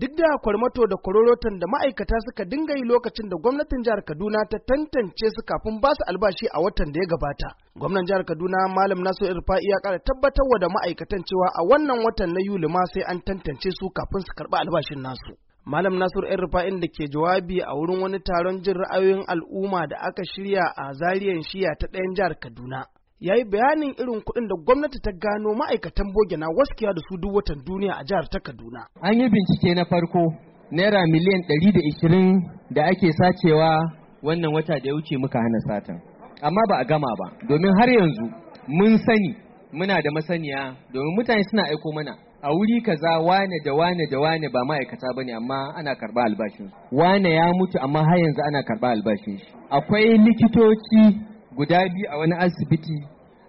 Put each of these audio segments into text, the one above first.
duk da kwarmato da kwarorotan da ma'aikata suka dinga yi lokacin da gwamnatin jihar kaduna ta tantance su kafin ba su albashi a watan da ya gabata gwamnan jihar kaduna malam nasu irfa'i ya kara tabbatarwa da ma'aikatan cewa a wannan watan na yuli ma sai an tantance su kafin su karɓi albashin nasu Malam Nasur ‘yan rufa'in da ke jawabi a wurin wani taron jin ra'ayoyin al'umma da aka shirya a zariyan shiya ta ɗayan jihar Kaduna, ya yi bayanin irin kuɗin da gwamnati ta gano ma'aikatan boge na waskiya da su duk watan duniya a jihar ta Kaduna. An yi bincike na farko naira miliyan ɗari da ishirin da ake sacewa wannan wata da ya wuce muka hana satan. Amma ba a gama ba domin har yanzu mun sani muna da masaniya domin mutane suna aiko mana a wuri kaza wane da wane da wane ba ma'aikata bane amma ana karba albashin wane ya mutu amma har yanzu ana karba albashin shi akwai likitoci guda biyu a wani asibiti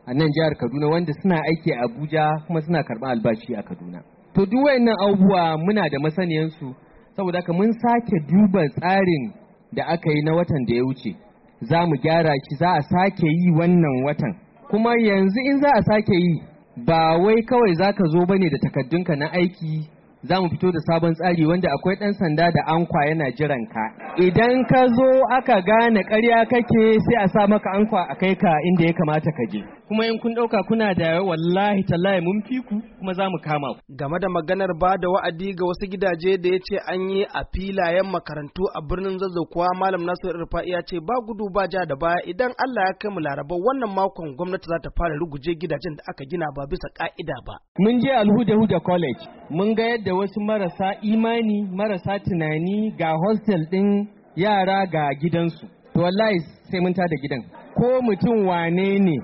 a nan jihar Kaduna wanda suna aiki a Abuja kuma suna karɓar albashi a Kaduna. To duk wayannan abubuwa muna da masaniyansu saboda haka mun sake duba tsarin da aka yi na watan da ya wuce. Za mu gyara shi za a sake yi wannan watan. Kuma yanzu in za a sake yi ba wai kawai za ka zo bane da takaddunka na aiki za mu fito da sabon tsari wanda akwai ɗan sanda da ankwa yana jiran ka idan ka zo aka gane karya kake sai a sa maka ankwa a kai ka inda ya kamata ka je kuma in kun ɗauka kuna da wallahi tallahi mun fi ku kuma za mu kama ku. Game da maganar ba da wa'adi ga wasu gidaje da ya ce an yi a filayen makarantu a birnin zazzau kuwa Malam Nasiru Rufa'i ya ce ba gudu ba ja da baya idan Allah ya kai mu Laraba wannan makon gwamnati za ta fara ruguje gidajen da aka gina ba bisa ka'ida ba. Mun je Alhuda-Huda College mun ga yadda wasu marasa imani marasa tunani ga hostel ɗin yara ga gidansu. To wallahi sai mun tada gidan. Ko mutum wane ne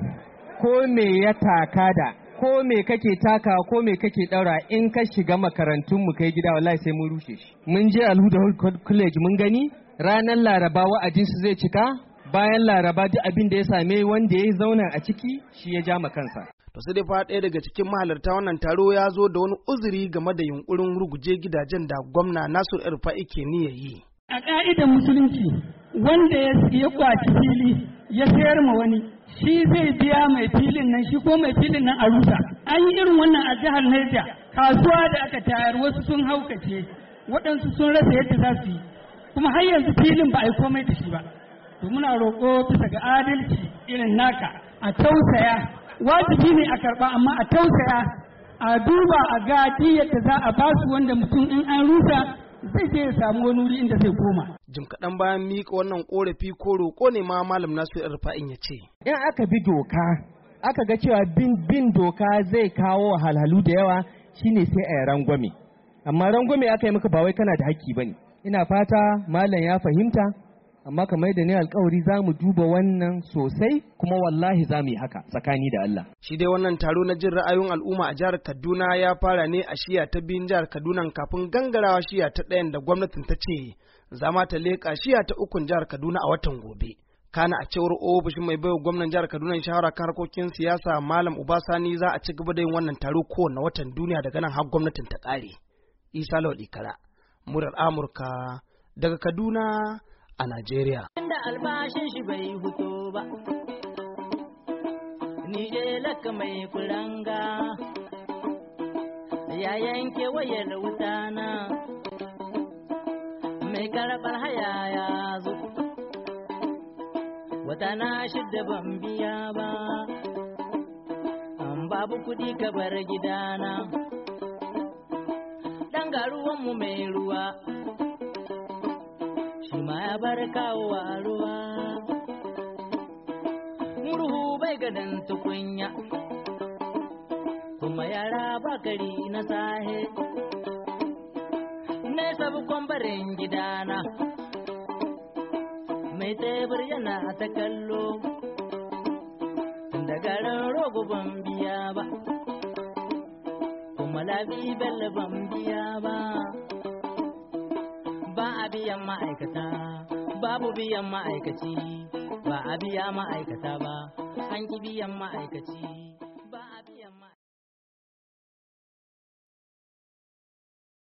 ko me ya taka da ko me kake taka ko me kake daura in ka shiga makarantun mu kai gida wallahi sai mun rushe shi mun je alhuda college mun gani ranar laraba wa'adin su zai cika bayan laraba duk abin da ya same wanda ya zauna a ciki shi ya ja kansa to sai dai fa ɗaya daga cikin mahalarta wannan taro ya zo da wani uzuri game da yunkurin ruguje gidajen da gwamna Nasir Rufai ke ya yi a ka'idan musulunci wanda ya kwaci fili ya sayar ma wani shi zai biya mai filin nan shi ko mai filin nan a rusa an yi irin wannan a jihar Niger kasuwa da aka tayar wasu sun haukace waɗansu sun rasa yadda za su yi kuma har yanzu filin ba a yi komai da shi ba to muna roƙo bisa ga adalci irin naka a tausaya wajibi ne a karɓa amma a tausaya a duba a ga yadda za a basu wanda mutum in an rusa zai je ya samu wani wuri inda zai koma. Jim kaɗan bayan miƙa wannan ƙorafi ko roƙo ne ma Malam Nasiru Rufa'in ya ce. In aka bi doka, aka ga cewa bin doka zai kawo halhalu da yawa shine sai a yi rangwame. Amma rangwame aka yi maka ba wai kana da haƙƙi ba ne. Ina fata Malam ya fahimta amma kamar da ne alkawari za mu duba wannan sosai kuma wallahi za mu yi haka tsakani da Allah. Shi dai wannan taro na jin ra'ayoyin al'umma a jihar Kaduna ya fara ne a shiya ta biyun jihar Kaduna kafin gangarawa shiya ta ɗayan da gwamnatin ta ce za ma ta leƙa shiya ta ukun jihar Kaduna a watan gobe. kana a cewar ofishin mai baiwa gwamnan jihar kaduna shawara kan harkokin siyasa malam Sani za a ci gaba da yin wannan taro kowane watan duniya daga nan har gwamnatin ta ƙare isa laudi kara murar amurka daga kaduna a Najeriya. Inda albashin shi bai hutu ba, ni laka mai kuranga ya yanke wayar wutana mai karɓar haya ya zo. Wata na shidda ban biya ba, an babu kuɗi kabar gidana, ɗan garuwanmu mai ruwa. ma bar kawo ruwa murhu bai gadan tukunya kuma yara bakari na sahe ne sabu kwambarin gidana mai tebur yana ta kallo da garin rogo ban biya ba kuma labi bello ban biya ba ba a biyan ma'aikata babu biyan ma'aikaci ba a biya ma'aikata ba an ki biyan ma'aikaci